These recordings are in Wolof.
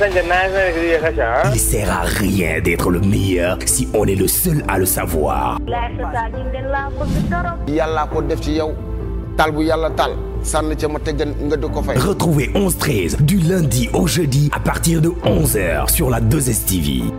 Il ne sert à rien d'être le meilleur si on est le seul à le savoir. yàllaa ko def ci yow tal bu yàlla tal. sànn ca ma teggan nga ko fay. Retrouvez du lundi au jeudi à partir de 11 sur la 2STV.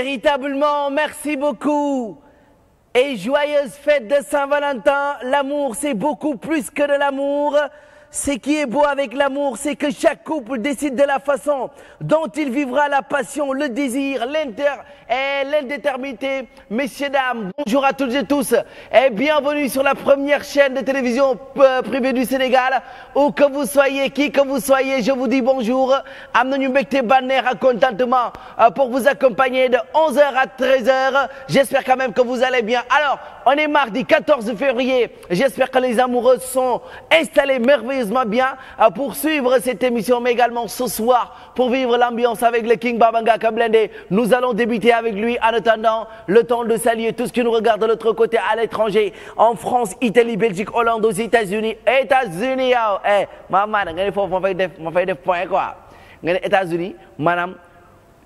Véritablement, merci beaucoup. Et joyeuse fête de Saint-Valentin. L'amour, c'est beaucoup plus que de l'amour. ce qui est beau avec l'amour, c'est que chaque couple décide de la façon dont il vivra la passion, le désir, l'inter et l'indéterminité. Messieurs, dames, bonjour à toutes et tous et bienvenue sur la première chaîne de télévision euh, privée du Sénégal. Où que vous soyez, qui que vous soyez, je vous dis bonjour. Am nañu mbégte bànneex ak contentement euh, pour vous accompagner de 11h à 13h. J'espère quand même que vous allez bien. Alors on est mardi février. J'espère que les amoureux sont installés merveilleusement bien à euh, poursuivre cette émission, mais également ce soir pour vivre l'ambiance avec le King Baba Ngaka Blindé. Nous allons débuter avec lui en attendant le temps de saluer tous ceux qui nous regardent de l'autre côté à l'étranger, en France, Italie, Belgique, Hollande, aux États-Unis. États-Unis yow oh, eh maanaam nga ne foofu ma fay def ma fay def point quoi nga ne États-Unis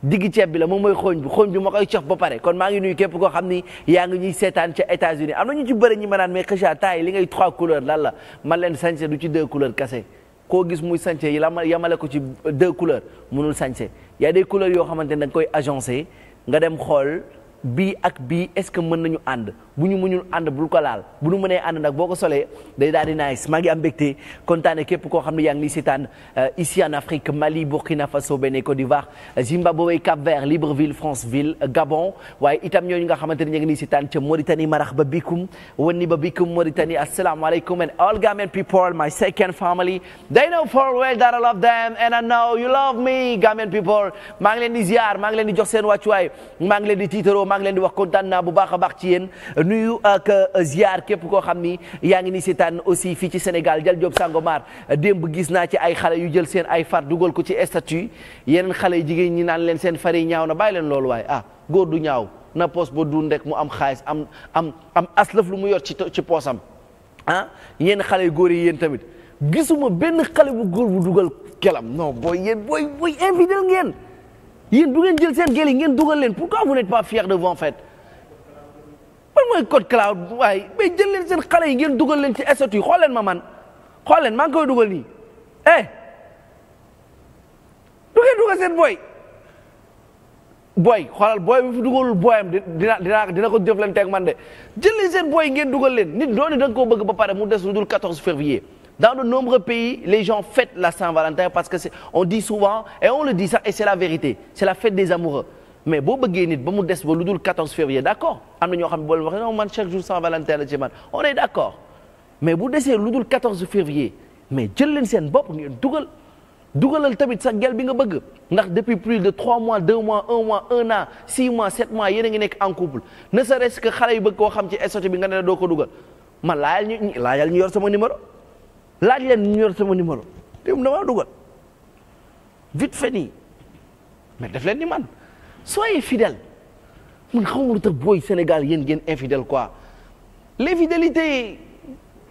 digg ceeb bi la moom mooy xooñ bi xooñ bi moo koy cof ba pare kon maa ngi nuyu képp koo xam ni yaa ngi ñuy seetaan ca États-Unis am na ñu ci bëri ñi ma naan mais xëcha taay li ngay trois couleurs lan la man leen sañse du ci deux couleurs kese koo gis muy sañse yi la yamale ko ci deux couleurs mënul sañse y a des couleurs yoo xamante ne da nga koy agencé nga dem xool bii ak bii est-ce que mën nañu ànd bu ñu mënul ànd bul ko laal bu ñu mënee ànd nag boo ko solee day daal nice maa ngi am mbégte kontaane képp koo xam ne yaa ngi ni seetaan euh, en Afrique Mali Burkina Faso Bénin Côte d'Ivoire euh, Zimbabwe Cap-Vert Libreville Franceville euh, Gabon waaye itam ñooñu nga xamante ne ñu ngi ni seetaan ca Mauritanie marax ba bikum wani ba bikum Mauritanie asalaamaaleykum and all Gambian people my second family they know full well that I love them and I know maa ngi leen wax kontaan naa bu baax a baax ci yéen nuyu ak euh, képp koo xam ni yaa ngi ni seetaan aussi fii ci Sénégal Jal Diop Sangomar démb gis naa ci ay xale yu jël seen ay far dugal ko ci statut yeneen xale jigéen ñi naan leen seen far yi ñaaw na bàyyi leen loolu waaye ah góor du ñaaw na poos ba dund rek mu am xaalis am am am aslaf lu mu yor ci ci poosam ah yéen xale yu góor yi yéen tamit gisuma benn xale bu góor bu dugal kelam non booy yéen booy booy ngeen yéen du ngeen jël seen gel yi ngeen dugal leen pourquoi vous n'êtes pas fiers de vous en fait man mooy code cloud waaye mais jël leen seen xale yi ngeen dugal leen ci statut xool leen ma man xool leen ngi koy dugal nii eh du seen booy booy xoolal booy bi fi dugalul booyam dina dina dina ko jëflanteeg man de jël leen seen booy ngeen dugal leen nit dooni da nga koo ba pare mu des lu dul 14 février Dans de nombreux pays, les gens fêtent la Saint-Valentin parce que c'est on dit souvent et on le dit ça et c'est la vérité, c'est la fête des amoureux. mais boo bëggee nit ba mu des ba lu dul 14 février d'accord am na ñoo xam ne boo leen waxee non man chaque jour Saint-Valentin la ci on est d'accord mais bu desee lu dul février mais jël leen seen bopp ngeen dugal dugalal tamit sa gel bi nga bëgg ndax depuis plus de 3 mois 2 mois 1 mois 1 an 6 mois 7 mois yéen ngi nekk en couple ne serait-ce koo xam ci SOT bi nga ne la doo ko dugal man laajal ñu ñu yor sama numéro. laaj leen ñu yor sama numéro léegi damaa dugal vite fait nii def leen ni man soyez fidèle mun xamuma lu booy Sénégal yéen geen infidel quoi l'infidélité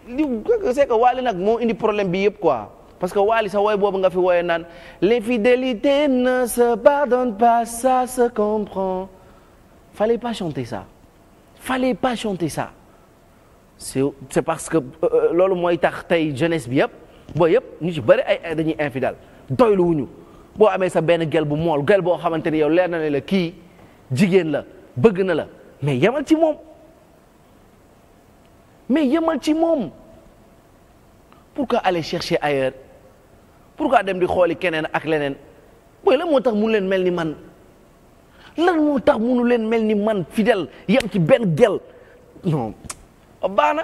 li c'est que waali nag moo indi problème bi yëpp quoi parce que waali sa wooy boobu nga fi wooye naan l'infidélité ne se pardonne pas ça se comprend fallait pas chanter ça c'est parce que euh, loolu mooy tax tey jeunesse bi yëpp boo yëpp ñu ci bëri ay dañuy infidèle doylu wuñu boo amee sa benn gel bu mool gel boo xamante ni yow leer na ne la kii jigéen la bëgg na la mais yemal ci moom mais yemal ci moom pour pourquoi aller chercher pour pourquoi dem di xooli keneen ak leneen booy lan moo tax mënu leen mel ni man lan moo tax mënu leen mel ni man fidèle yem ci benn gel non Oh, baax na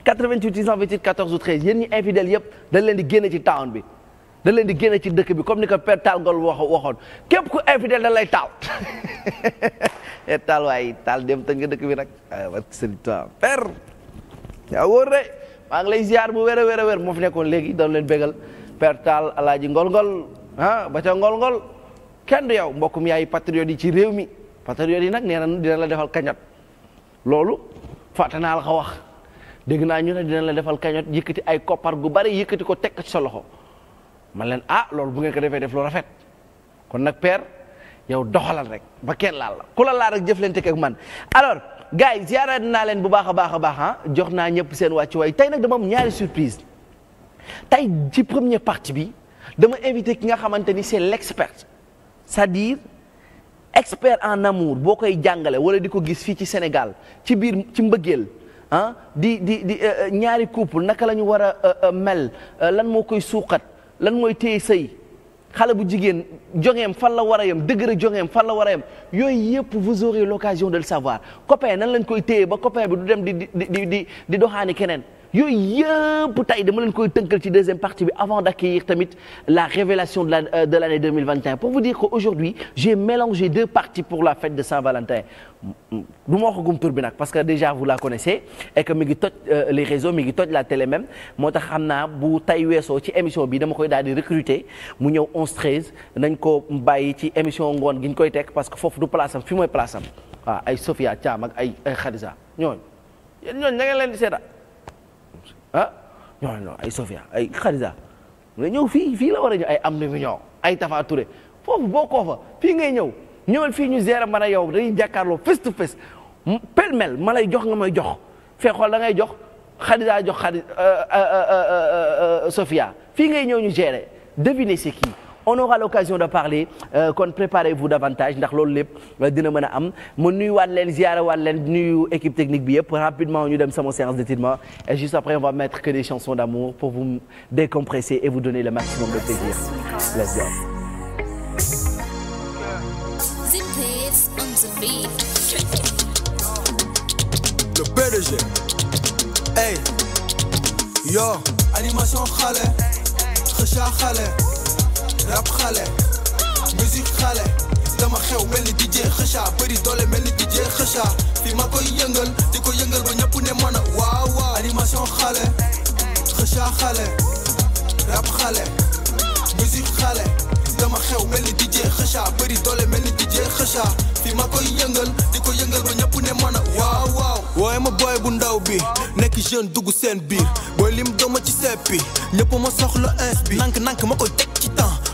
88 628 14 ou 13 yéen ñi infidèles yëpp dañ leen di génne ci town bi dañ di génne ci dëkk bi comme ni ko Père Tall Ngol wax waxoon ku infidèle dañ lay taal eh, taal waaye taal dem tëj nga dëkk bi nag waaw ah, sëriñ maa ngi lay ziar bu wér a wér a wér moo fi nekkoon léegi doon leen bégal Père Tall alaaji Ngol Ngol ba ca Ngol Ngol kenn du yow mbokkum yaay patriote yi ci réew mi patriote yi nag nee na dina la defal kañat loolu fàtte naa la ko wax dëgg naa ñu ne dina la defal kañot yëkkati ay koppar gu bari yëkkati ko teg ci sa loxo man leen ah loolu bu ngeen ko defee def lu rafet kon nag per yow doxalal rek ba kenn laal la ku la laal rek jëflante ak man alors gars yi ziaraat naa leen bu baax a baax a baax ah jox naa ñëpp seen wàccuwaay tey nag dama am ñaari surprise tey ci première partie bi dama invité ki nga xamante ni c'est l'expert cest à expert en amour boo koy jàngale wala di ko gis fii ci Sénégal ci biir ci mbëggeel ah, di di di eh, eh, ñaari couple naka lañu ñu war a eh, mel lan moo koy suuxat lan mooy téye sëy xale bu jigéen jongeem fan la war a yem dëgër jongeem fan la war a yem yooyu yëpp vous aurez l'occasion de le savoir copain nan lañ koy téye ba copain bi du dem di di di di doxaani keneen yooyu yëpp tey dama leen koy tënkal ci deuxième parti bi avant d'accueillir tamit la révélation de la euh, de l'année 2021 pour vous dire que aujourd'hui j'ai mélangé deux parties pour la fête de Saint-Valentin du ma waxagum tur bi nag parce que déjà vous la connaissez et que mi ngi toj euh, les réseaux mi ngi toj la télé même moo tax xam naa bu tay weesoo ci émission bi dama koy daal di recruter mu ñëw 11 13 nañ ko bàyyi ci émission ngoon gi ñu koy teg parce que foofu du place am fi mooy place am waaw ah, ay Sophia ak ay ay Khadija ah non non ay Sofia ay Khadija nga ñëw fii fii la war a ñëw ay am na ñoo ay Tafa Touré foofu boo koo fa fii ngay ñëw ñëwal fii ñu gérer man a yow dañuy jàkkaarloo face to face pêle-mêle ma jox nga may jox fee xool da ngay jox Khadija jox Khadija euh, euh, euh, Sofia fii ngay ñëw ñu gérer deviner c'est qui on aura l'occasion de parler euh, kon préparez-vous davantage ndax loolu lépp euh, dina mën a am ma nuyuwaat leen ziarawaat leen nuyu équipe technique bi yëpp rapidement ñu dem sama séance d'étirement et juste après on va mettre des chansons d'amour pour vous décompresser et vous donner le maximum de plaisir let's go le yo animation xale xëcc rap xale musique xale dama xew mel ni DJ doole mel ni DJ ma koy yëngal di ko yëngal ba ñëpp ne mën a waaw xale dama xew mel ni DJ Kheucha bëri doole mel ni DJ Kheucha fi ma koy yëngal di ko yëngal ba ñëpp ne mën a waaw waaw waaye ma booy bu ndaw bi nekk jeune dugg seen biir booy lim dooma ci seppi ñëpp ma soxla ins bi nank nank ma koy teg ci temps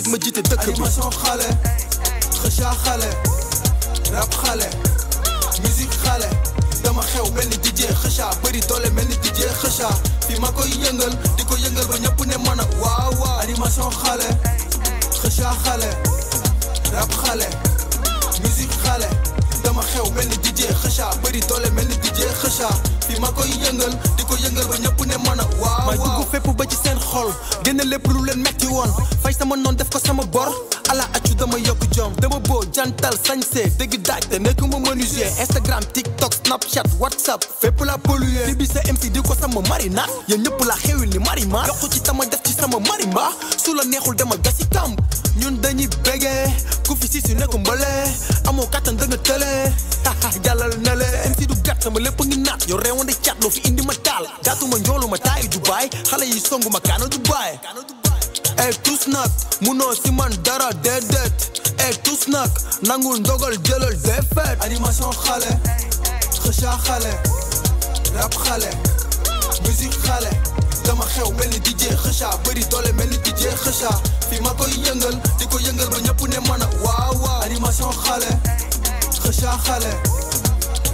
Afrique ma jiite dëkk bi animation xale xëcca xale rap xale musique xale dama xew mel ni DJ xëcca bëri doole mel ni DJ xëcca fi ma koy yëngal di ko yëngal ba ñëpp ne mën a waaw waaw xale xëcca xale rap xale dama xew mel ni DJ Kheucha bëri doole mel ni DJ Kheucha fi ma koy yëngal di ko yëngal ba ñëpp ne mën waaw ma dugg fépp ba ci seen xol génne lépp lu leen metti woon fay sama noon def ko sama bor ala accu dama yokk jom dama boo jantal sañse dëgg daaj te nekk ma menuisier Instagram TikTok Snapchat WhatsApp fépp la polluer fi bi sa MC di ko sama marinade yéen ñëpp la xewil ni marima yokk ci sama def ci sama marima su la neexul dama gasi kamb ñun dañuy ku fi si si ne ko mbële amoo kattan da nga tële jàllal na le MC du gàtt sama lépp ngi naat yow reewande cat loo fi indi ma taal gàttuma njoolu ma taayu Dubaay xale yi songu ma kaano Dubaay ey eh, tus nag munoo si man dara déedéet ey eh, tus nag nangul ndogal jëlal défaite animation xale xëcha xale rap xale musique xale dama xew mel ni DJ Kheucha bëri doole mel ni DJ Kheucha fi koy yëngal di ko yëngal ba ñëpp ne mana waaw waaw xale Kheucha xale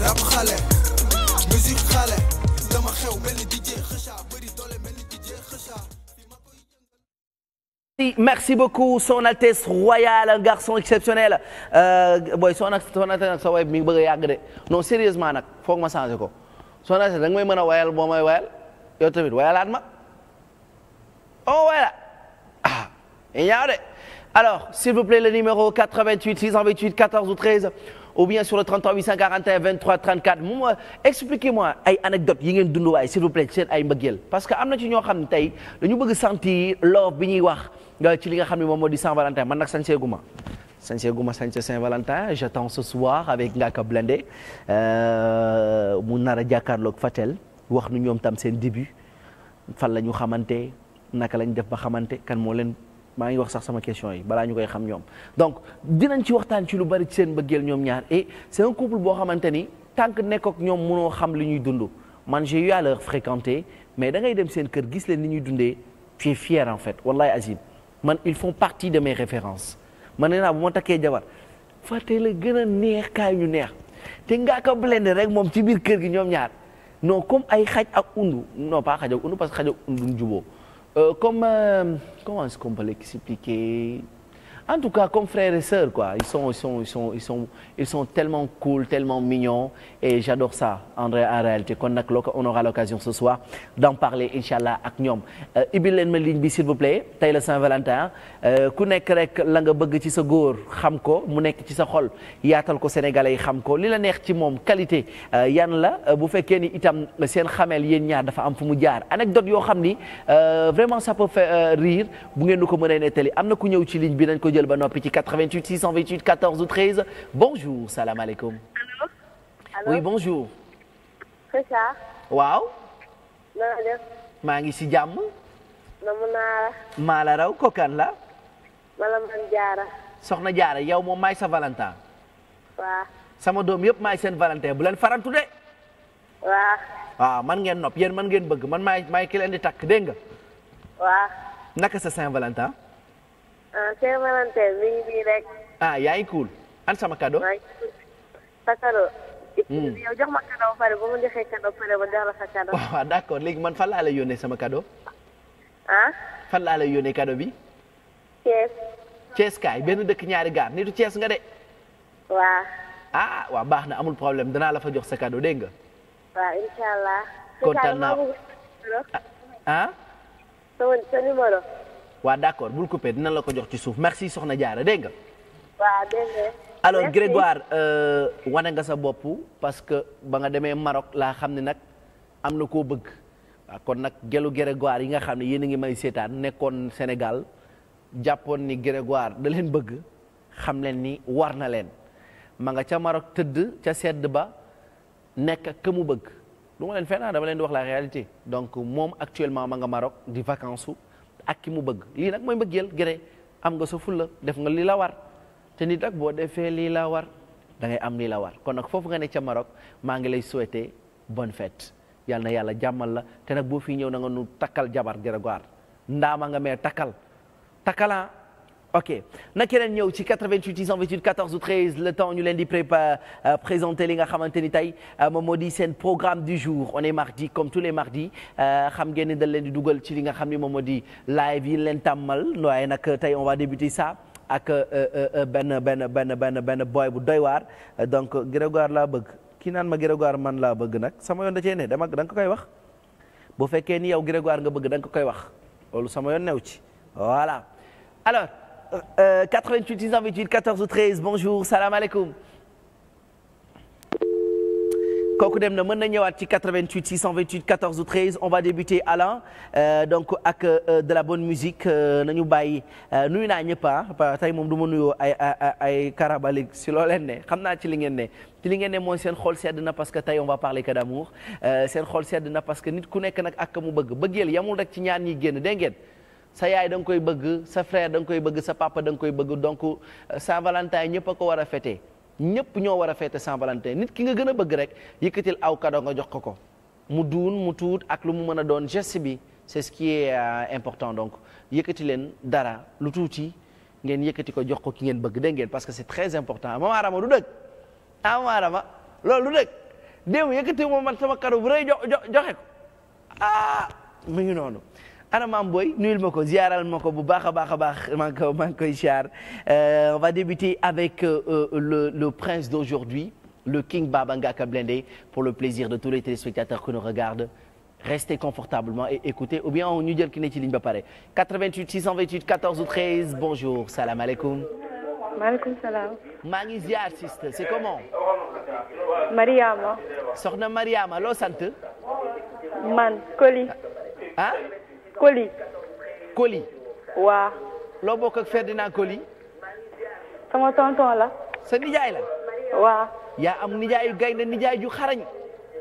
rap xale musique xale dama xew mel ni DJ Kheucha bëri doole mel ni DJ Kheucha merci beaucoup son altesse royale un garçon exceptionnel euh, booy son nag sa mi ngi bëgg de non sérieusement nag foog ma changé ko son altesse da nga wayal boo may wayal yow tamit wayalaat ma oh voilà ah ñaaw de alors s'il vous plaît le numéro 88 628 14 ou 13 ou bien sur le 33 841 23 34 moom expliquez-moi ay anecdote yi ngeen dund waaye s'il vous plaît seen ay mbëggeel parce que am na ci ñoo xam ne tey dañu bëgg sentir loo bi ñuy wax euh, ci li nga xam ne moom moo di Saint-Valentin man nag sañseeguma sañseeguma sañse Saint-Valentin j'attends ce soir avec Ngaaka Blindé euh, mu nar a jàkkaarloog Fatel wax nu ñoom tam seen début fan la ñu xamante naka lañ def ba xamante kan moo leen maa ngi wax sax sama question yi balaa ñu koy xam ñoom donc dinañ ci waxtaan ci lu bari ci seen ba gel ñoom ñaar et c'est couple boo xamante ni tant que nekk ñoom munoo xam li ñuy dund man j'ai eu à leur mais dangay dem seen kër gis leen ni ñuy dundee tu fier en fait wallahi azim man il font partie de mes références man nee naa bu moo takkee jabar fàtte la gën a neex kaay ñu neex te ngaa ko blende rek moom ci biir kër gi ñoom ñaar non comme ay xaj ak undu non pas xaj ak undu parce que ak undu duñ euh, comme euh, comment est-ce en tout cas comme frères et sœurs quoi ils sont ils sont ils sont ils sont ils sont tellement cool tellement mignons et j'adore ça en réalité kon nag on aura l'occasion ce soir d'en parler incha allah ak ñoom euh, i leen ma ligne bi s'il vous plaît tey la Saint-Valentin euh, ku nekk rek la nga bëgg ci sa góor xam ko mu nekk ci sa xol yaatal ko sénégalais yi xam ko li la neex ci moom qualité euh, yan la bu fekkee ni itam seen xameel yéen ñaar dafa am fu mu jaar anecdote yoo xam ni vraiment ça peut faire rire bu ngeen nu ko mënee nettali am jël ba noppi ci 88 628 14 ou 13 bonjour salaamaaleykum. allo. allo bonjour. c'est ça. waaw. na nga maa ngi si jàmm. namu naa la. maa la raw kokan la. mala man jaara. soxna jaara yow moom maay sa valentin. waaw. sama doom yëpp maay seen valentin bu leen farantu de. waaw. Ah, man ngeen nop yéen man ngeen bëgg man maay maay di takk dégg nga. naka sa Saint-Valentin. ah Cheikh Malanteer mi ngi nii rek. ah yaa ngi cool an sama kado waaye sa cadeau. yow jox ma cadeau pare ba mu joxee cadeau pare ba jox la sa cadeau. waaw léegi man fan laa lay yónnee sama kado ah. fan laa lay yónnee cadeau bi. Thiès. Thiès kaay benn dëkk ñaari gaar nitu Thiès nga de. waaw. ah waaw baax na amul problème danaa la fa jox sa kado dégg nga. waaw incha allah. kontaan naa ah. sa ah? waa d'accord bul coupé dina la ko jox ci suuf merci soxna Diarra dégg nga. waaw dégg nga. alors Grégoire euh, wane nga sa bopp parce que ba nga demee Maroc laa xam ne nag am na koo bëgg waaw kon nag gelu Grégoire yi nga xam ne yéen a ngi may seetaan nekkoon Sénégal jàppoon ni Grégoire da leen bëgg xam leen ni war na leen ma nga ca Maroc tëdd ca sedd ba nekk ka mu bëgg du ma leen fenn dama leen di wax la réalité donc moom actuellement ma nga Maroc di vacances ak ki mu bëgg lii nag mooy mbëggeel gëré am nga sa fulla def nga lii la war te nit nag boo defee lii la war da ngay am lii la war kon nag foofu nga ne ca Maroc maa ngi lay souhaiter bonne fête yal na yàlla jàmmal la te nag boo fi ñëw na nga nu takkal jabar Grégoire ndaama nga mee takkal takkala ah. ok na keneen ñëw ci 88 628 14 ou 13 le temps ñu leen di prépa euh, présenter li nga xamante ni tey euh, moom moo di seen programme du jour on est mardi comme tous les mardis euh, xam ngeen ni dañ leen di dugal ci li nga xam ni moom moo di live yi leen tàmmal waaye nag tey on va débuter saa ak benn benn benn benn benn boy bu doy waar donc Grégoire laa bëgg kii naan ma Grégoire man laa bëgg nag sama yoon da cee dama da nga ko koy wax bu fekkee ni yow Grégoire nga bëgg da ko koy wax loolu sama yoon new ci voilà euh, 88 628 14 ou 13 bonjour salaamaaleykum kooku dem na mën na ñëwaat ci 88 628 14 ou 13 on va débuter Alain euh, donc ak euh, de la bonne musique euh, nañu bàyyi euh, nuyu naa ñëpp ah tey moom du ma nuyoo ay ay ay karabalik si loo leen ne xam naa ci li ngeen ne ci li ngeen ne mooy seen xol sedd na parce que tey on va parler que d'amour euh, seen xol sedd na parce que nit ku nekk nag ak mu bëgg bëggeel yamul rek ci ñaar ñiy génn dégg ngeen. sa yaay da nga koy bëgg sa frère da nga koy bëgg sa papa da nga koy bëgg donc euh, Saint Valentin ñëpp ko war a fêter ñëpp ñoo war a fêter Saint Valentin nit ki nga gën a bëgg rek yëkkatil aw cadeau nga jox ko ko mu duun mu tuut ak lu mu mën a doon geste bi c'est ce qui est euh, important donc yëkkati leen dara lu tuuti ngeen yëkkati ko jox ko ki ngeen bëgg dégg ngeen parce que c'est très important ah, maman Rama du dëgg ah maman Rama loolu du dëgg démb yëkkati moom man sama cadeau bu rëy joxe ko ah ngi noonu. ana maam booy ma ko ziaral ma ko bu baax a baax a baax maa ngi koy ziar euh, on va débuter avec euh, euh, le le prince d'aujourd'hui le king Baba Ngaka Blindé pour le plaisir de tous les téléspectateurs qui nous regardent restez confortablement et ñu jël ki ne ci ba pare 88 628 14 ou 13 bonjour salaamaaleykum. maa ngi ziar sister c'est comment. Mariama. soxna Mariama loo sant. Coly. Coly. waaw. loo bokk ak Ferdinand Coly. sama tonton la. sa nijaay la. waa yaa am nijaayu gaynde nijaay ju xarañ.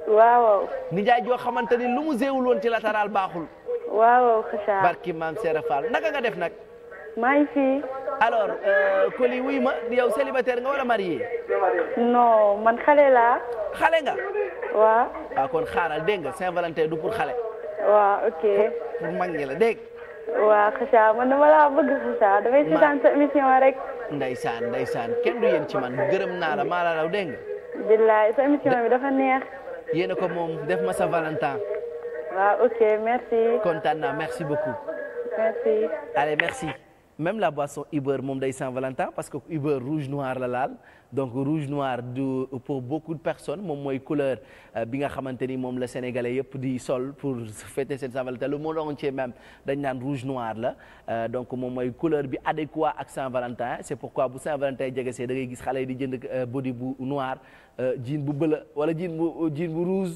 waaw. nijaay joo xamante ni lu mu zéewul woon ci latéral baaxul. waa waaw xasaa. barki maam Serap Fall naka nga def nag. maa ngi fi. alors euh, Coly wuy ma yow célibataire nga wala marié. non man xale laa. xale nga. waaw. Ah, waaw kon xaaral dégg nga Saint-Valentin du pour xale. waaw ok. pour mag ñi la dégg waaw xasaa man dama saan bëgg xasaa damay seetaan sa émission rek kenn du yéen ci man gërëm naa la raw dégg nga billaay sa émission bi dafa neex yéen ko moom def ma sa valentin waaw merci kontaan naa merci beaucoup merci allez merci même la boisson Uber moom day Saint-Valentin parce que Uber rouge noir la laal donc rouge noir du pour beaucoup de personnes moom mooy couleur euh, bi nga xamante ni moom la sénégalais yëpp di sol pour fêter seen Saint-Valentin le monde entier même dañ naan rouge noir la euh, donc moom mooy couleur bi adéquat ak Saint-Valentin c'est pourquoi bu Saint-Valentin jege see da ngay gis xale yi di jënd euh, body bu noir jean bu bëla wala jean bu jean bu rouge.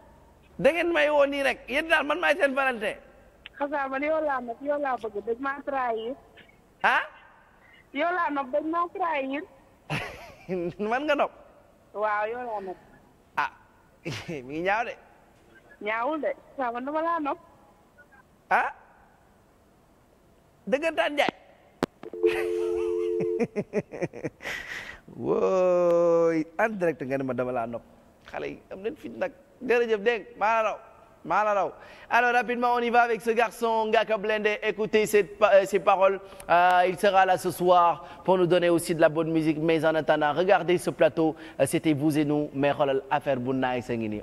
da ngeen may woo nii rek yéen daal man maay seen valente. xasaar man yow laa nopp yow laa bëgg dañ maa ah. yow laa nopp dañ maa trahir. man nga nopp. waaw yow laa nopp. ah mi ngi ñaaw de. ñaawul de xasaar man dama laa nopp. ah. dëggantaan Njaay. wooy en direct nga ne ma dama laa nopp xale yi am nañ fit nag. jërëjëf dégg maa la raw alors rapidement on y va avec ce garçon Ngaaka Blindé écoutez cette euh, ces paroles euh, il sera là ce soir pour nous donner aussi de la bonne musique mais en attendant regardez ce plateau euh, c'était vous et nous mais xoolal affaire bu naay sa ngi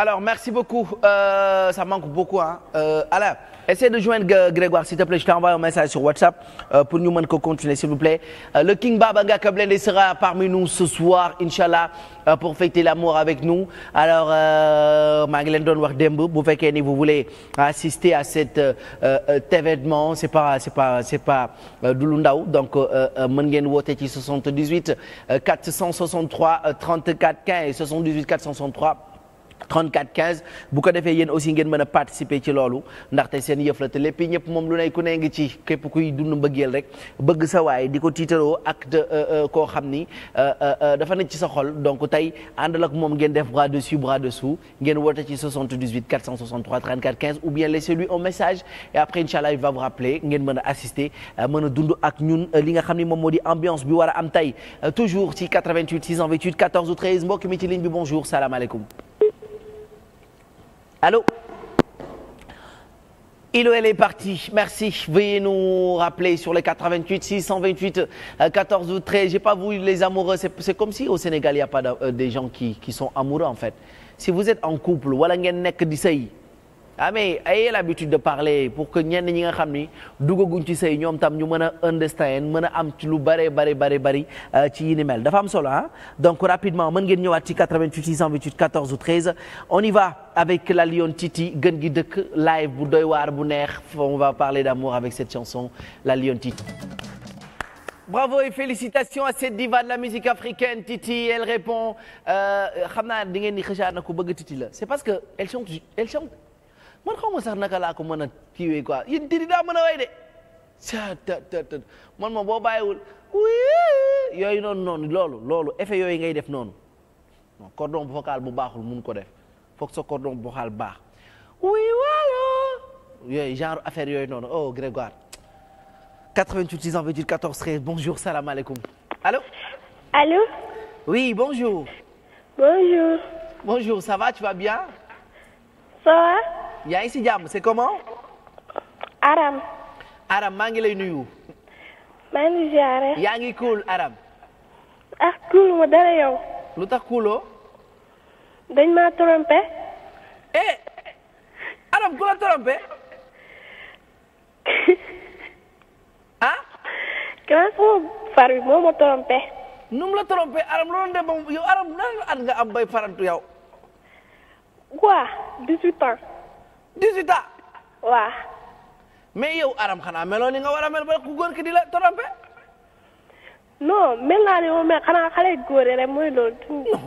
alors merci beaucoup euh, ça manque beaucoup ah Alain essaie de joindre Grégoire s'il te plaît je t'envoie un message sur euh, pour ñu mën ko continuer s'il vous plaît euh, le King Baba Ngaka Blindé sera parmi nous ce soir inchallah pour fêter l'amour avec nous alors maa ngi leen doon wax démb bu fekkee ni vous voulez assister à cet événement c'est pas c'est pas c'est du lu ndaw donc mën ngeen woote ci 78 463 34 15 78 463 34 15 bu ko defee yéen aussi ngeen mën a participer ci loolu ndaxte seen yëf la te lépp ñëpp moom lu ne ku ne ngi ci képp kuy dund mbëggeel rek bëgg sa waay di ko tiitaroo ak euh, euh, koo xam ni euh, dafa nekk ci sa xol donc tey àndal ak moom ngeen def bras dessus bras ngeen woote ci ou bien laissez-lui un message et après incha allah il va vous rappeler ngeen mën a assister mën ak ñun li nga xam ni moom moo di ambiance bi war a am tey toujours ci 88 628 mi ci ligne bi bonjour salaamaaleykum. Allô Ilo, elle Merci. Veuillez nous rappeler sur euh, les 88 628 14 ou 13. si au Sénégal, il n'y a pas de, euh, des gens qui, Si vous êtes en couple, wala ngeen nekk di sëy amee ah, mais ayez l'habitude de parler pour que ñenn ñi nga xam ni duggaguñ ci sëy ñoom tam ñu mën a understand mën a am ci lu bare bare bare bari euh, ci yi ni dafa am solo a ah. donc rapidement mën ngeen ñëwaat ci 88 628 14 ou on y va avec la Lyon Titi gën gi dëkk live bu doy waar bu neex on va parler d'amour avec cette chanson la Lyon Titi. Bravo et félicitations à cette diva de la musique africaine Titi elle répond euh, xam naa da ngeen di xëcaat na ko bëgg Titi la c'est parce que elle chante elle chante man xaw ma sax naka laa ko mën a kiiwee quoi yéen tiri daa mën a way de sa ta ta ta man ma boo bàyyiwul yooyu noonu noonu loolu loolu effet yooyu ngay def noonu non cordon vocal bu baaxul mun ko def foog sa cordon vocal baax oui voilà yooyu genre affaire yooyu noonu oh Grégoire 88 628 14 13 bonjour salaamaaleykum allô allô oui bonjour bonjour bonjour ça va tu vas bien ça va yaa ngi si jàmm c'est comment. Aram. Aram maa ngi lay nuyu. maa ngi ziare. yaa ngi cool Aram. ah cool ma dara yow. lu tax cooloo. dañ maa trompé. eh Aram ku la trompé. ah. grand sama far bi moo ma trompé. nu mu la trompé Aram loolu de moom yow Aram nan nga am bay farantu yow. quoi 18 ans. 18 waa waaw. mais yow aram xanaa meloo ni nga war a mel ba ku góor ki di la trompé. non mel naa ne moom mais xanaa xale góor yi rek mooy loolu.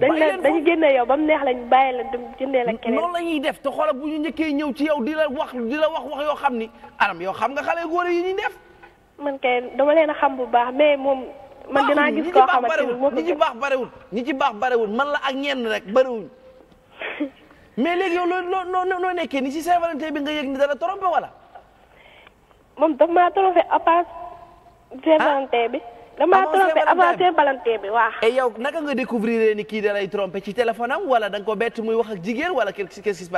dañ la dañu génne yow ba neex lañ bàyyi la dem jëndee la keneen. noonu la ñuy def te xoolal bu ñu njëkkee ñëw ci yow di la wax di la wax wax yoo xam ni aram yow xam nga xale góor yi ñuy def. man kay dama leen a xam bu baax mais moom. man gi dinaa gis koo xamante ni ñi ci baax barewul ñi ci baax barewul man la ak ñenn rek barewuñ mais léegi yow loo noo noo nekkee ni si Saint-Valentin bi nga yëg ni dala trompé wala. moom daf maa trompé avant Saint-Valentin ah. bi. damaa trompé avant Saint-Valentin yow naka nga découvrir ni kii dalay trompé ci téléphone am wala da nga ko bett muy wax ak jigéen wala qu'est-ce qui se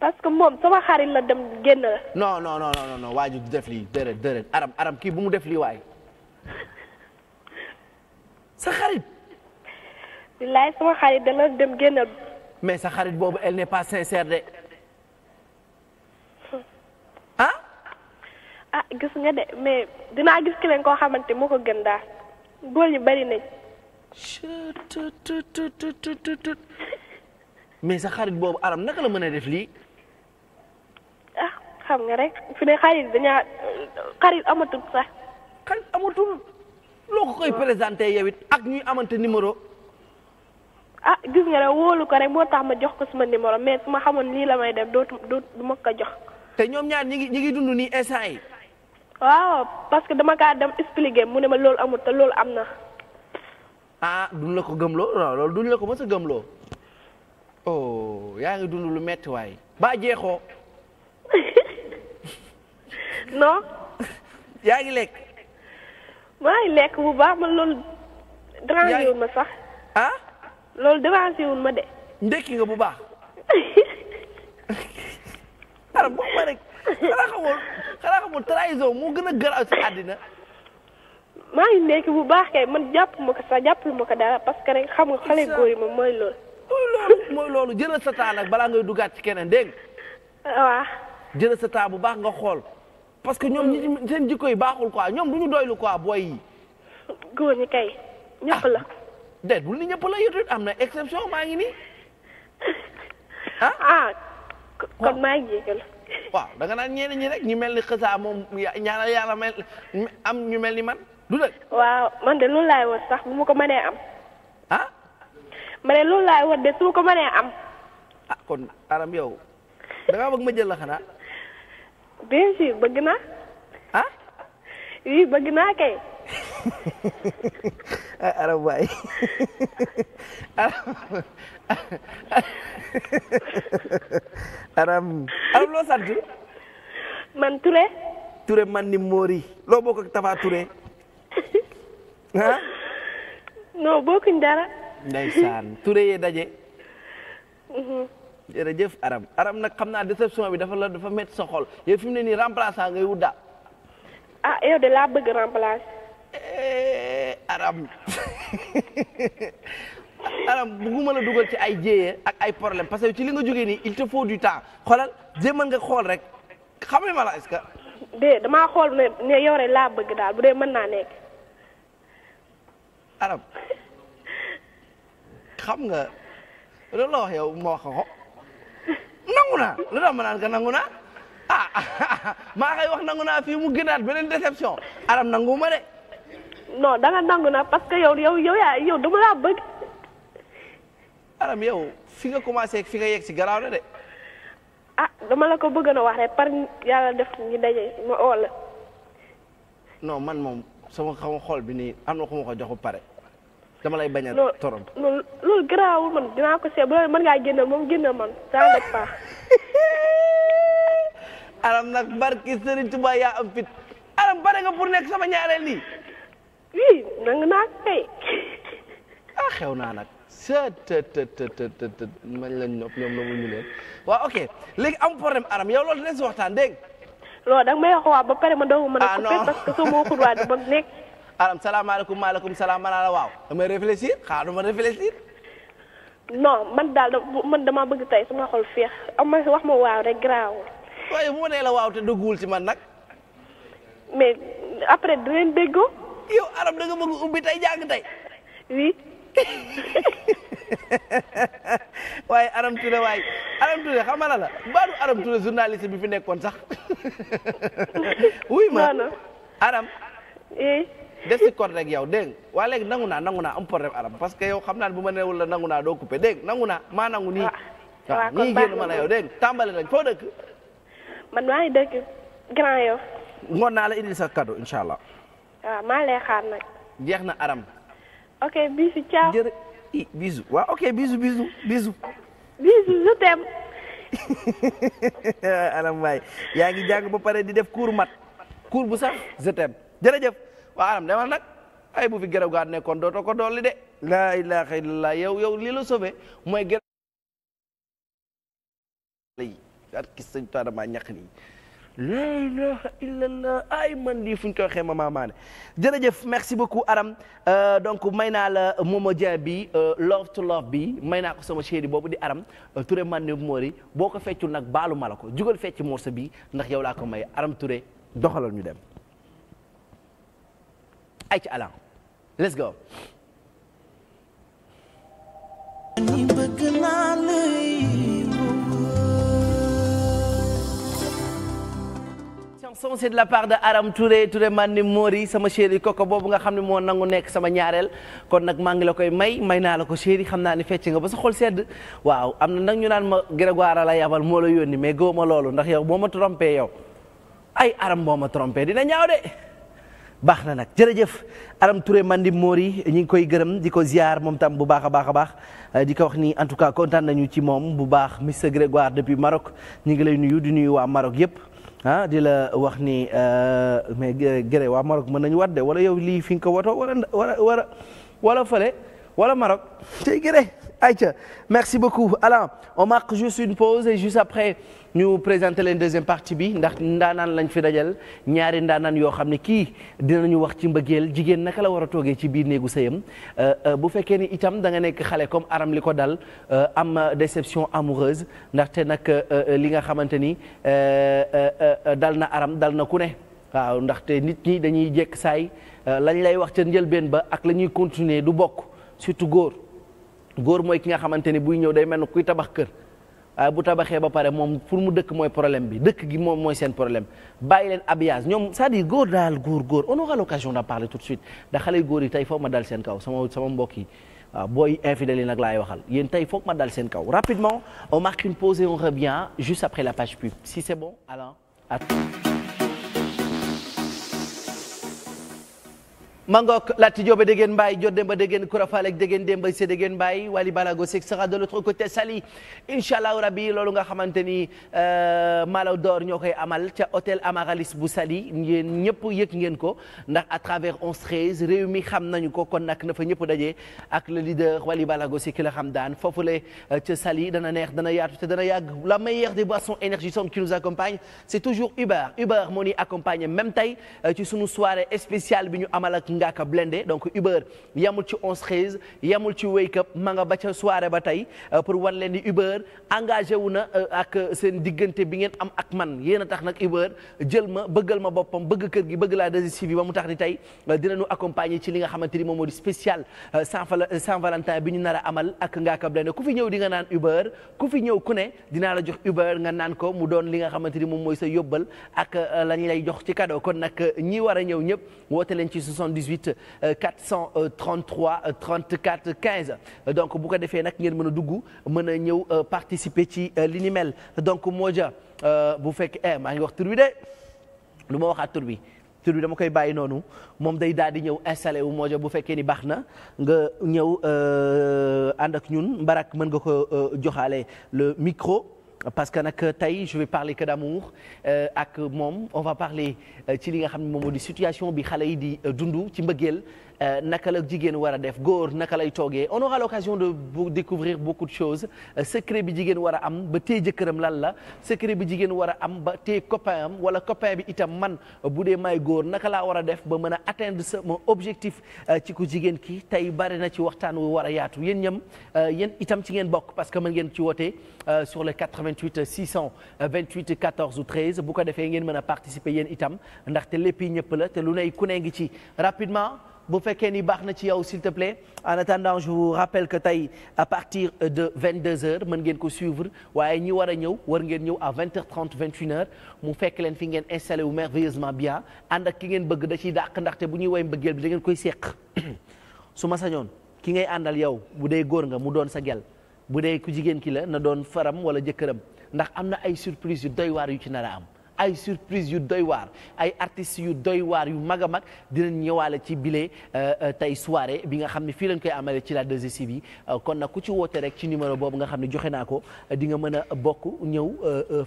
parce que moom sama xarit la dem génn la. non non non non non waaju du def lii dërët dërët aram aram kii bu mu def lii waay. sa xarit. bilaay sama xarit dana dem génn. mais sa xarit boobu elle n'est pas sincère de. ah. ah gis nga de mais dina gis keneen koo xamante moo ko gën daal góor ñu bari nañ. mais sa xarit boobu alam naka la mën a def lii. ah xam nga rek fi ne xarit dañaa xarit amatul sax. xarit amatul. loo ko koy présenté yow it ak ñuy amante numéro. ah gis nga ne wóolu ko rek moo tax ma jox ko suma numéro mais su ma xamoon nii la may def dootu dootu ma ko jox. te ñoom ñaar ñi ngi dund nii instant yi. waaw parce que dama kaa dem expliquer mu ne ma loolu amul te loolu am na. ah duñ la ko gëmloo non loolu duñ la ko mës a gëmloo. oh yaa ngi dund lu metti waay. ba jeexoo. non. yaa ngi lekk. maa ngi lekk bu baax ma loolu. dérangé wu ma sax. ah. loolu devancé wul ma de. ndekki nga bu baax. xanaa boo ma rek xanaa xamul xanaa moo gën a garaaw si àddina. maa ngi ndekki bu baax kay man jàpp ma ko sax jàppul ma ko dara parce que rek xam nga xale góor yi moom mooy loolu. loolu mooy loolu jëlal sa temps nag balaa ngay duggaat ci keneen dégg nga. jëlal sa temps bu baax nga xool. parce que ñoom ñi mm. seen jikko yi baaxul quoi ñoom du ñu doylu quoi booy yi. góor kay ñëpp la. déet bul ni ñëpp la yëtut am na exception maa ngi nii ah. ah kon maa ngi jégal. waaw da nga naan ñenn ñu mel ni xësa moom ñaanal yàlla mel am ñu mel ni man du wa waaw man de loolu laay war sax bu ma ko mënee am. ah. ma loolu laay de su ma ko mënee am. ah kon aram yow da ngaa la xanaa. bien sûr bëgg naa. ah. oui bëgg naa kay. arab waay arab arab loo sant man Touré Touré man ni Mori loo bokk ak Tafa Touré ah non bokkuñ dara ndeysaan yee daje mm-hmm. jërëjëf aram aram nag xam naa déception bi dafa la dafa métti sa xol yow ne nii remplaçant ngay wudda ah yow de laa bëgg remplacer eh, aram aram bugguma la dugal ci ay jéyee ak ay problème parce que ci li nga jógee nii il te faut du temps xoolal jéemal nga xool rek xam ne ma la est-ce que dee xool ne ne yow rek laa bëgg bu dee mën naa nekk arab xam nga loolu la wax yow ma wax ko nangu naa lu tax ma naan ka nangu na ah maa koy wax nangu naa fii mu gënaat beneen déception aram nangu ma de no danga nangu nag parce que yow yow yow yaa yow dama laa bëgg. aram yow fi nga commencé fi nga yegg si garaaw na de. ah dama la ko bëgg na wax rek par yàlla def ñu daje ma oo la. man moom sama xaw xool bi nii am na ko ma ko jox ba pare dama lay bañ a. torom loolu loolu garaawul man dinaa ko seet bu loolu mën ngaa moom génna man saa dëkk paa. aram nag barki Serigne Touba yaa am fit aram pare nga pour nekk sama ñaareel lii. oui nangu naa kay. ah xew naa nag. sa të të të të të mañ lañ nopp ñoom la mu ñu leen waaw ok léegi am problème aram yow loolu dinañ si waxtaan dégg loolu da nga may wax waaw ba pare ma doog mën a ah, coupé parce que soo ma waxul waa du mag nekk aram salaamaaleykum maaleykum salaam ma naa la waaw damay réfléchir xaa duma réfléchir non man daal man dama bëgg tey sama xol féex am ma wax ma waaw rek garaawul waaye bu ma nee la waaw te dëgguwul ci man nag mais après dinañ déggoo yow arab da nga bëgg ubbi tey jàng tey. oui. waaye Aram Touré waaye Aram Touré xam nga la baadu Aram bi fi nekkoon sax. wuy ma Aram. des si code rek yow dégg nga waa léegi nangu naa nangu naa am problème Aram parce que yow xam naa bu ma newul la nangu naa doo coupé dégg nangu naa maa nangu nii. nii génn ma la yow dégg tàmbale nañ foo dëkk. man maa ngi dëkk Grand Yoff. ngoon naa la indil sa kado incha allah. waaw ah, maa lay xaar na aram. ok bisu ciao. jërë bisu waaw ok bisu bisu bisu. bisu je t'aime. yaa ngi jàng ba pare di def cours mat cours bu sax je t'aime jërëjëf waaw aram demal nag ay bu fi ga gaa nekkoon dootoo ko dolli de. laa ilaha illallah yow yow lii la sauvé mooy gërëw. yi ak kii sëñ Tuubaa dama nii. laa ilaha illallah ay man lii fu ñu ko waxee mama maane jërëjëf merci beaucoup Aram euh, donc may naa la Momo Dia bi euh, love to love bi may naa ko sama chéri boobu di Aram euh, Touré Mané Mori boo ko feccul nag baalu ma la ko jugal fecc morceau bi ndax yow laa ko may Aram ture doxalal ñu dem ay ci alan let's go chanson c'est la part de Aram Touré Touré man ni Mori sama chéri koko boobu nga xam ne moo nangu nekk sama ñaareel kon nag maa ngi la koy may may naa la ko chéri xam naa ni fecc nga ba sa xol sedd waaw am na nag ñu naan ma Grégoire la yabal moo la yónni mais góoma loolu ndax yow boo ma trompé yow ay Aram boo ma trompé dina ñaaw de baax na nag jërëjëf Aram Touré Mandi Mori ñi ngi koy gërëm di ko ziar moom tam bu baax a baax a baax euh, di ko wax ni en tout cas kontaan nañu ci moom bu baax monsieur Grégoire depuis Maroc ñu ngi lay nuyu di nuyu waa Maroc yëpp ah di la wax ni euh, mais Guéré waa Maroc mën nañu wat de wala yow lii fi nga ko watoo wala wala wala fale wala Maroc tey Guéré ay ca merci beaucoup Alain on marque juste une pause et juste après ñu présenter leen deuxième partie bi ndax ndaanaan lañ fi dajal ñaari ndaanaan yoo xam ne kii dina dinañu wax ci mbëggeel jigéen naka la war a toogee ci biir néegu sëyam euh, euh, bu fekkee ni itam danga nekk xale comme aram li ko dal euh, am déception amoureuse ndaxte nag li nga xamante ni dal na aram dal na ku ne waaw ndaxte nit ñi dañuy jekk saay lañ lay wax ca njëlbeen ba ak la ñuy continuer du bokk surtout góor. góor mooy ki nga xamante ni buy ñëw day mel ni kuy tabax kër waaye bu tabaxee ba pare moom pour mu dëkk mooy problème bi dëkk gi moom mooy seen problème bàyyi leen habillage ñoom cest à góor daal góor góor on aura l'occasion d'en parler tout de suite da góor yi tey foofu ma dal seen kaw sama sama mbokk yi booy infidèles yi nag laay waxal yéen tey foofu ma dal seen kaw rapidement on marque une pause et on après la page pub si c'est bon alors à Mangok Lati Diop dégg mbaay jot Demba dégg Koura Fall ak dégg Demba Cissé dégg mbaay Wally Balago sera de l'autre côté Saly inchallah rabbi loolu nga xamante ni euh, Malaw d'or ñoo koy amal ca hôtel Amaralis bu Saly ngeen ñëpp yëg ngeen ko ndax a travers 11-13 réew mi xam nañu ko kon nag na fa ñëpp daje ak le leader Wally Balago Seck la xam daan foofu le euh, ca Saly dana neex dana yaatu te dana yàgg la meilleure des boissons énergisantes qui nous accompagne c'est toujours Uber Uber moo ni accompagné même euh, bi ñu amal nga ka blindé donc Uber yamul ci 11 13 yamul ci wake up ma nga ba ca soirée ba tey euh, pour wan leen ni Uber engagé wu na euh, ak euh, seen diggante bi ngeen am ak man yéen a tax nag Uber jël ma bëggal ma boppam bëgg kër gi bëgg laa desi bi ba mu tax ni tey dinañu accompagner ci li nga xamante ni moom moo di spécial Saint Valentin bi ñu nar a amal ak nga ka blindé ku fi ñëw di nga naan Uber ku fi ñëw ku ne dinaa la jox Uber nga naan ko mu doon li nga xamante ni moom mooy sa yóbbal ak la ñu lay jox ci cadeau kon nag ñi war a ñëw ñëpp woote leen ci 78 18 433 34 15 donc bu ko defee nag ngeen mën a dugg mën a ñëw euh, participer ci euh, li ni mel donc moo ja euh, bu fekk eh maa ngi wax tur bi lu ma waxaat tur bi tur bi dama koy bàyyi noonu moom day daal di ñëw installé wu Modja bu fekkee ni baax na nga ñëw ànd ak ñun Mbarak mën nga ko joxaale le micro. parce que nag tey je vais parler que d'amour euh, ak moom on va parler euh, ci li nga xam ne moom di situation bi xale yi di euh, dund ci mbëggeel naka la jigéen war a def góor naka lay toogee on aura l'occasion de découvrir beaucoup de choses secret bi jigéen war a am ba tey jëkkëram lan la secret bi jigéen war a am ba te copain am wala copain bi itam man bu dee may góor naka laa war a def ba mën a atteindre sama objectif ci ku jigéen ki tey bari na ci waxtaan wu war a yaatu yéen ñam yéen itam ci ngeen bokk parce que mën ngeen ci woote 88 628 14 ou 13 bu ko defee ngeen mën a participer yéen itam ndaxte lépp yi te lu ne ku ne ngi ci rapidement bu fekkee ni baax na ci yow s'il te plaît en attendant je vous rappelle que tey à partir de 22 mën ngeen ko suivre waaye ñi war a ñëw war ngeen ñëw à 20h30 21h mu fekk leen fi ngeen installé wu merveilleusement bien ànd ki ngeen bëgg da ciy dàq ndaxte bu ñuy woy mbëggeel bi da koy seq su ma ki ngay àndal yow bu dee góor nga bu dee ku jigéen ki la na doon faram wala jëkkëram ndax am na ay surprise yu doy waar yu ci nar a am ay surprise yu doy waar ay artistes yu doy waar yu mag a mag dinañ ñëwaale ci bile euh, euh, tey soirée bi nga xam ne fii lañ koy amalee ci la 2STV bi euh, kon nag ku ci woote rek ci numéro boobu nga xam ne joxe naa ko di nga mën a bokk ñëw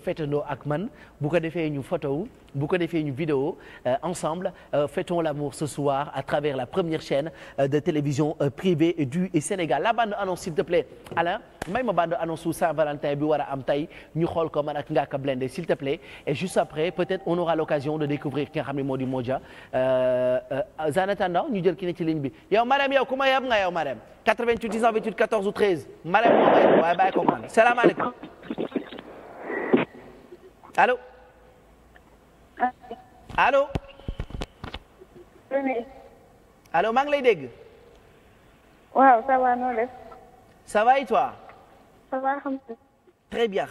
fetandoo ak man bu ko defee ñu photo bu ko defee ñu vidéo euh, ensemble euh, fêtons l'amour ce soir à travers la première chaîne euh, de télévision privée du Sénégal la bande annonce s'il te plaît Alain may ma band annonce su Saint-Valentin bi war am tey ñu xool ko man ak Ngaaka Blindé s'il te plaît et juste après peut-être on aura l'occasion de découvrir ki nga xam ne moo di Modja en attendant ñu jël ki ne ci ligne bi yow Marème yow ku ma yab nga yow Marème 88 18 14 ou 13 Marème moo ko man salaamaaleykum allo allo lay dégg. waaw ça va noo def. ça toi. ça va alhamdulilah. très bien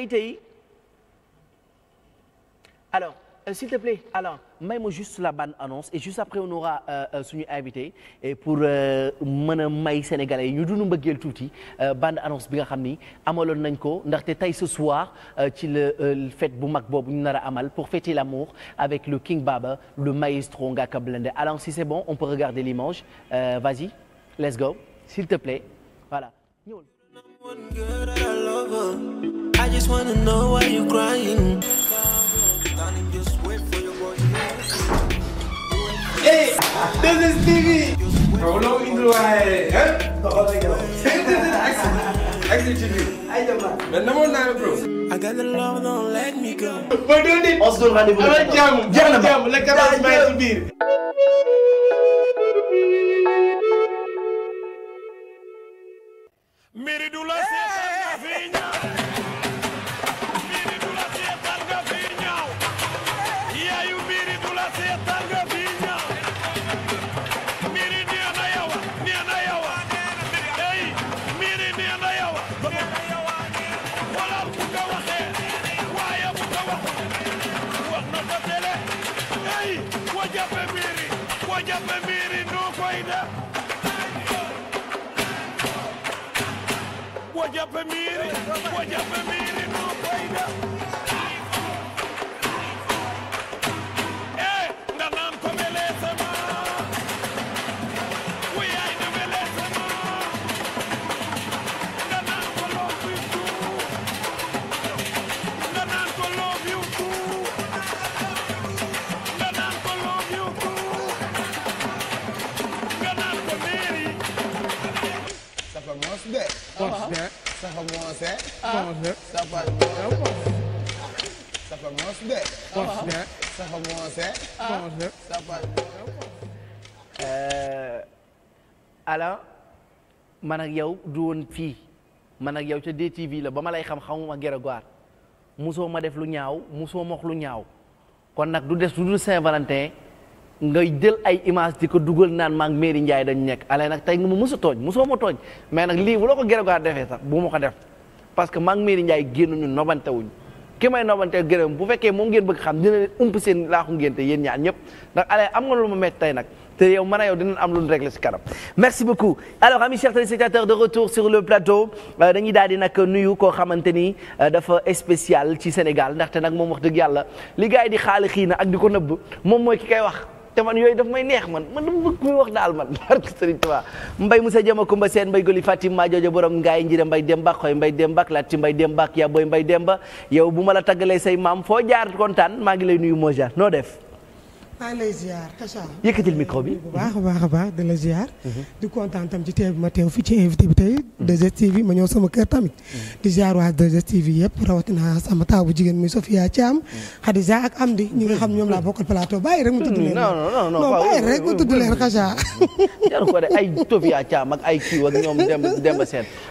yi tey alors euh, te plaît alors. may juste la bande annonce et juste après on aura euh, euh, suñu invité et pour euh, mën a may sénégalais yi ñu dund mbëggeel tuuti bande annonce bi nga xam ni amaloon nañ ko ndaxte tey ce soir ci la fête bu mag boobu ñu nar a amal pour fêter l'amour avec le King Baba le maestro Ngaaka Blindé alors si c'est bon on peut regarder l'image vas-y let's go s'il te plaît voilà. I just wanna know 2STV loolu indil waaye ah. loxo la ñu doon. mais biir. mbiri du la jàppe miiri boo jàppe miiri noo koy def ee eh, nga naan ko beleese ma wu yaay na beleese ma nga naan ko loof yu tuu nga naan ko loof yu tuu nga naan ko loof yu tuu nga naan ko miiri ça commence bien Safa Moose. Ah. Euh, man ak yow du woon fii man ak yow ca DTV la ba ma lay xam xamuma Grégoire musoo ma def lu ñaaw musoo ma wax lu ñaaw kon nag du des du dul Saint-Valentin. nga jël ay image di ko dugal naan maag mairie Ndiaye dañ nekk ale nag tey nga ma mës a tooñ mosoo ma tooñ mais nag lii bu la ko Grégoire defee sax bu ma ko def parce que maag mairie Ndiaye génnuñu nobante wuñu ki may nobante gërëm bu fekkee moom ngeen bëgg xam dina leen ump seen laaxu ngénte yéen ñaar ñëpp ndax ale am nga lu ma metti tey nag te yow mën a yow dinañ am lu ñu réglé si kanam merci beaucoup alors amis chers téléspectateurs de euh, daal di nag nuyu koo xamante ni euh, dafa spécial ci Sénégal ndaxte nag moom wax dëgg yàlla li gars yi di xii na ak di ko nëbb moom mooy ki koy wax te man yooyu daf may neex man man dama bëgg muy wax daal man barke Sëriñ Tuubaa mbay Musa Jama Kumba Seen mbay goli Fatim maa joojo borom ngaay njire mbay demba xoy mbay dem laat ci mbay demba yaa booy mbay demba yow bu ma la taggalee say maam foo jaar kontaan maa ngi lay nuyu moo jaar noo def maa ngi lay ziar Tacha. yëkkatil micro bi. baax a baax a baax di la ziar. Mhm. di kontaan tam ci teew ma teew fii ci invité bi tey. 2STV mhm. ma ñëw sama kër tamit. Mhm. di ziar waa 2STV yëpp rawatina sama taabu jigéen muy Sofia Thiam. Khadija ak Amdi ñi nga xam ñoom laa bokkal plateau bàyyi rek mu tudd leen. non non non bàyyi rek mu tudd leen Tacha. jar ko de ay Sofia Thiam ak ay kii euh,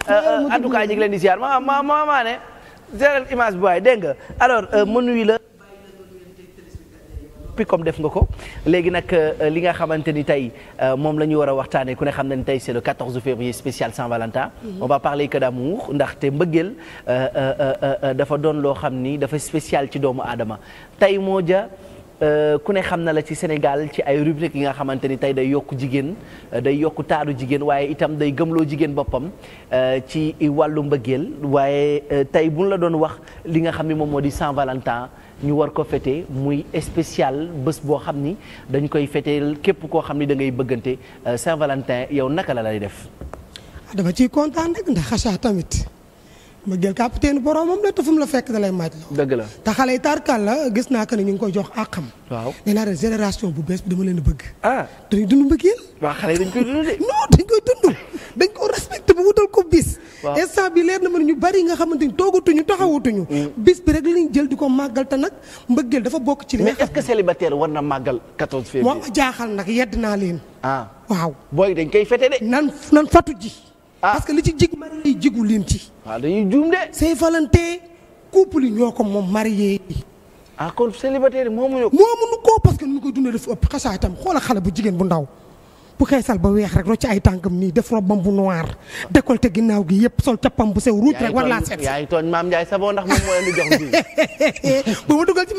euh, di ziar ma ma ma maa ne. zeral image bu waay dégg nga alors euh, mënuñu noppi def nga ko léegi nag euh, li nga xamante ni tey euh, moom la ñu war a waxtaanee ku ne xam na ni tey c'est le 14 février spécial Saint-Valentin. Mhm. on va parler que d'amour ndaxte mbëggeel euh, dafa doon loo xam ni dafa spécial ci doomu aadama tey moo ja ku ne xam na la ci Sénégal ci ay rubrique yi nga xamante ni tey day yokk jigéen day yokk taaru jigéen waaye itam day gëmloo jigéen boppam ci wàllu mbëggeel waaye tey buñ la doon wax li nga xam ni moom moo di Saint-Valentin. ñu war ko fete muy spécial bés boo xam ni dañ koy fete képp koo xam ni da ngay bëggante euh, Saint-Valentin yow naka la lay def. Ah, dama ciy kontaan rek ndax xasaa tamit ma jël capitaine boromam la te fu mu la fekk da lay maaj la. dëgg la te xale yi tarkal la gis naa ko ne ñu ngi koy jox àqam. waaw nee naa génération bu bees bi dama leen bëgg. ah dañuy dund mbëggeel. waaw xale yi dañ koy dund de. non dañ koy dund. dañ ko respecté bu wutal ko bis. instant bi leer na ma ñu bari nga xamante ni toogatuñu taxawatuñu. Mm. Mm. bis bi rek lañ jël di ko màggal te nag mbëggeel dafa bokk ci li. mais est-ce war na màggal 14 février. moo nag yedd naa leen. ah waaw. booy dañ koy fete de. nan nan fatu ji. Ah. parce que li ci jig mari yi jigu leen ci. waaw ah, dañuy juum de. Saint-Valentin couple yi ñoo ko moom marié yi. ah kon célibataire moomuñu ko. moomuñu ko parce que nu ko koy dundee dafa ëpp xasaay tam xoola xale bu jigéen bu ndaw. bu xeesal ba weex rek loo ci ay tànkam nii def robam bu noir décolleté ginnaaw gi yëpp sol cappam bu sew ruuj rek war laa seet yaa ngi tooñ ndax moom leen di jox diw ma dugal ci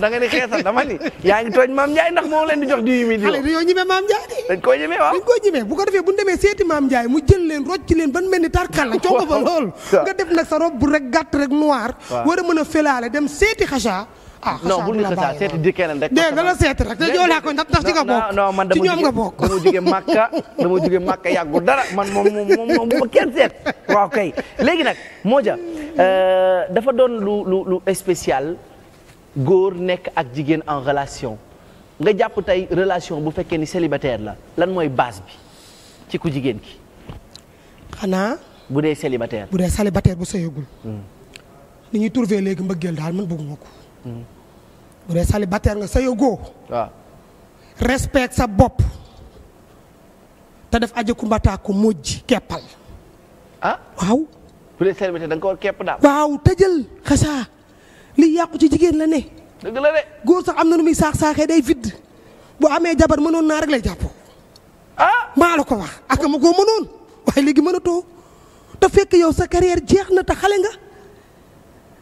da nga ni dama ni yaa ngi tooñ maam Ndiaye ndax moo leen di jox diw yi mi di xale dañoo maam Ndiaye di dañ koo ñimee waaw koo ñimee bu ko defee bu ñu demee seeti maam Ndiaye mu jël leen rocc leen ban mel ni tarkal la coono ba lool nga def nag sa rob bu rek gàtt rek noir war a mën a felaale dem seeti xacha ah non bul ñu xasaa seeti di keneen rek. dégg nga la seeti rek te joolaa ko ndax ci nga bokk. non man dama jóge dama jóge Makka dama jóge Makka yàggul dara man moom moom moom ma kenn seet. waaw kay léegi nag Modja euh, dafa doon lu lu lu spécial góor nekk ak jigéen en relation nga jàpp tey relation bu fekkee ni célibataire la lan mooy base bi ci ku jigéen ki. xanaa. bu dee célibataire bu dee célibataire bu sëyagul. Hmm. ni ñuy trouver léegi mbëggeel daal man bëgguma ko. Hmm. bu dee célibataire nga sëyoo góo waaw respect sa bopp te def aja kumbataa ko mujj keppal. ah waaw. bu dee célibataire da nga ko war kepp daal. waaw li yàqu ci jigéen la ne. dëgg góor sax am na nu muy saax saaxee day fidd bu amee jabar mënoon naa rek lay jàppoo. ah maa la ko wax ak ma koo mënoon waaye léegi mënatoo te fekk yow sa carrière jeex na te xale nga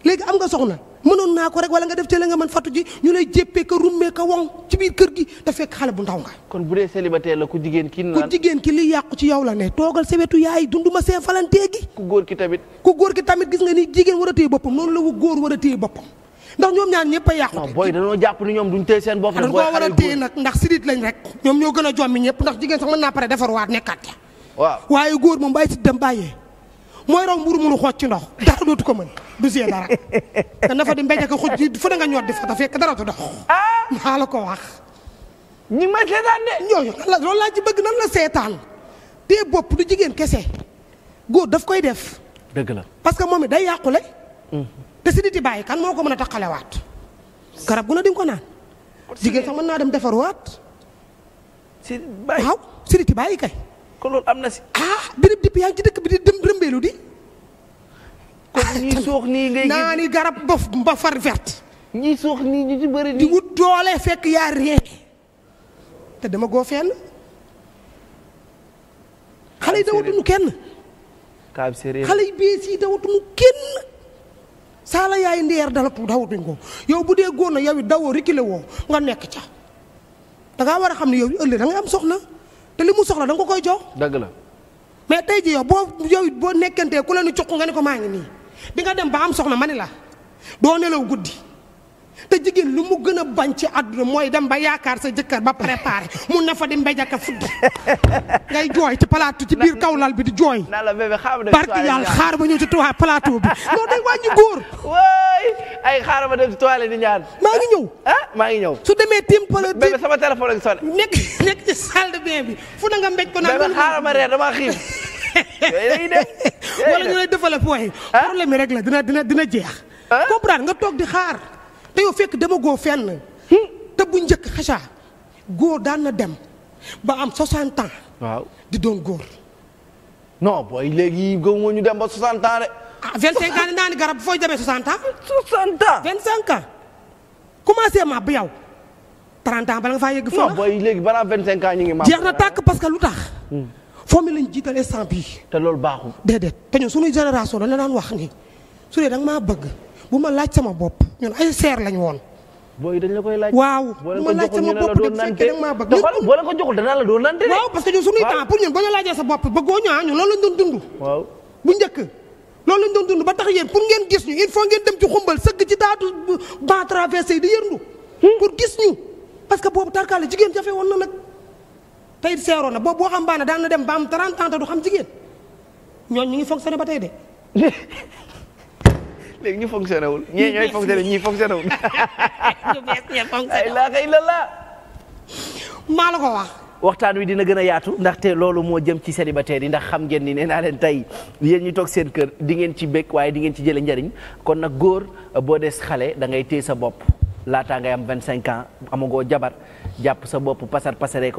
léegi am nga soxna. mënoon naa ko rek wala nga def te la nga man fatu ji ñu lay jéppee ka rummee ka woŋ ci biir kër gi te fekk xale bu ndaw nga. kon bu dee célibataire la ko jigéen ki naan ku jigéen ki li yàqu ci yow la ne toogal sa wetu yaay dundu ma seen falantee gi. ku góor ki tamit. ku góor ki tamit gis nga ni jigéen war a téye boppam noonu la wu góor war a téye boppam ndax ñoom ñaar ñëpp a yàqu. booy dañoo jàpp ni ñoom duñ téye seen bopp. dañ koo war a téye nag ndax sidit lañ ñoom ñoo gën a jommi ñëpp ndax jigéen sax mën naa pare defarwaat nekkaat waaw waaye góor moom bàyyi si dem bàyyee mooy raw mburu mënu xooj ci ndox dara dootu ko mën du see dara te na fa di mbéj ko xuj fu da nga ñor di fa te fekk dara du dox. Ah! maa la ko wax. ñu ma may seetaan de. ñooñu laa ci bëgg nan la seetaan te bopp du jigéen kese góor daf koy def. dëgg la parce que moom it day yàqule. Mm-hmm. te si nit yi bàyyi kan moo ko mën a taqalewaat. garab gu ne di nga ko naan. jigéen sax mën naa dem defaruwaat. si waaw si nit yi bàyyi kay. loolu am na si. ah birib dipp yaa ngi ci dëkk bi di dem rëmbeelu di. kon ñiy nii ngay. naa garab ba ba far verte. ñiy suux nii ñu ci bëri di wut doole fekk yaa rien te dama goo fenn xale yi dawatuñu kenn. kaab séeréer xale yi bees yi dawatuñu kenn. saala yaay ndeer dalatu dawatuñ ko yow bu dee góor na yow it dawoo reculé woo nga nekk ca da ngaa war a xam ne yow ëllëg da ngay am soxla te li mu soxla da nga koy jox. dëgg la mais tey jii yow boo yow it boo nekkantee ku la di jox nga ne ko maa ngi nii. bi nga dem ba am soxna ma ni la doo nelaw guddi te jigéen lu mu gën a bañ ci àdduna mooy dem ba yaakaar sa jëkkër ba préparé mu na fa di mbéjaka fudd ngay jooy ci plateau ci biir kaw lal bi di jooy. na la bébé xaaral barki yàlla xaar ba ñëw ci tuwaay plateau bi loolu day wàññi góor. waay ay xaaral ma dem ci toile di ñaan. maa ngi ñëw. Ah, ah, su demee tim plateau sama téléphone ak sonné. nekk nekk ci salle de bi fu na nga ko. naan bébé xaaral ma reer dama xiif. wala ñu lay développé waxi ah? problème yi la dina dina dina jeex. Ah? comprendre nga toog di xaar te yow fekk dama góo fenn. Hmm? te bu njëkk xasaa daan na dem ba am 60 ans. di doon góor. non booy léegi góor ñu dem ba 60 ans de. ah 25 ans ni garab fooy demee 60 ans. 60 ans 25 ans. ma bu yow 30 ans bala nga faa yegg. fa non booy léegi balaa 25 ans ñu ngi na tàkk parce que lu tax. Hmm. fomm lañ jiitalee sàmp yi. te loolu baaxul. déedéet te ñun suñu génération la naan wax ni su dee maa bëgg bu ma laaj sama bopp ñun ay seer lañ woon. booy dañ la koy laaj. waaw bu ma laaj sama bopp de bu fekkee da nga maa bëgg. te xool boo leen ko joxul danaa la doon nante. waaw parce que ñun suñuy temps ah, bu njëkk. loolu lañ doon ba tax yéen pour ngeen gis ñu il faut ngeen dem ci xumbal sëgg ci daatu ban traversé di yërndu hmm? pour gis ñu parce que tarkaale jigéen jafe woon na nag tey seeroon na boobu boo xam baane daan na dem ba am 30 ans du xam jigéen ñooñu ñu ngi fonctionné ba tey de. léegi ñu wul. ñii ñooy ñu bees ñee fonctionné wul ay la maa la ko wax. waxtaan wi dina gën a yaatu ndaxte loolu moo jëm ci célibataire yi ndax xam ngeen ni nee naa leen tey yen ñu toog seen kër dingeen ci békk waaye di ngeen ci jële njariñ kon nag góor boo des xale da ngay téye sa bopp laataa ngay am 25 ans amagoo jabar jàpp sa bopp pasar pasaree ko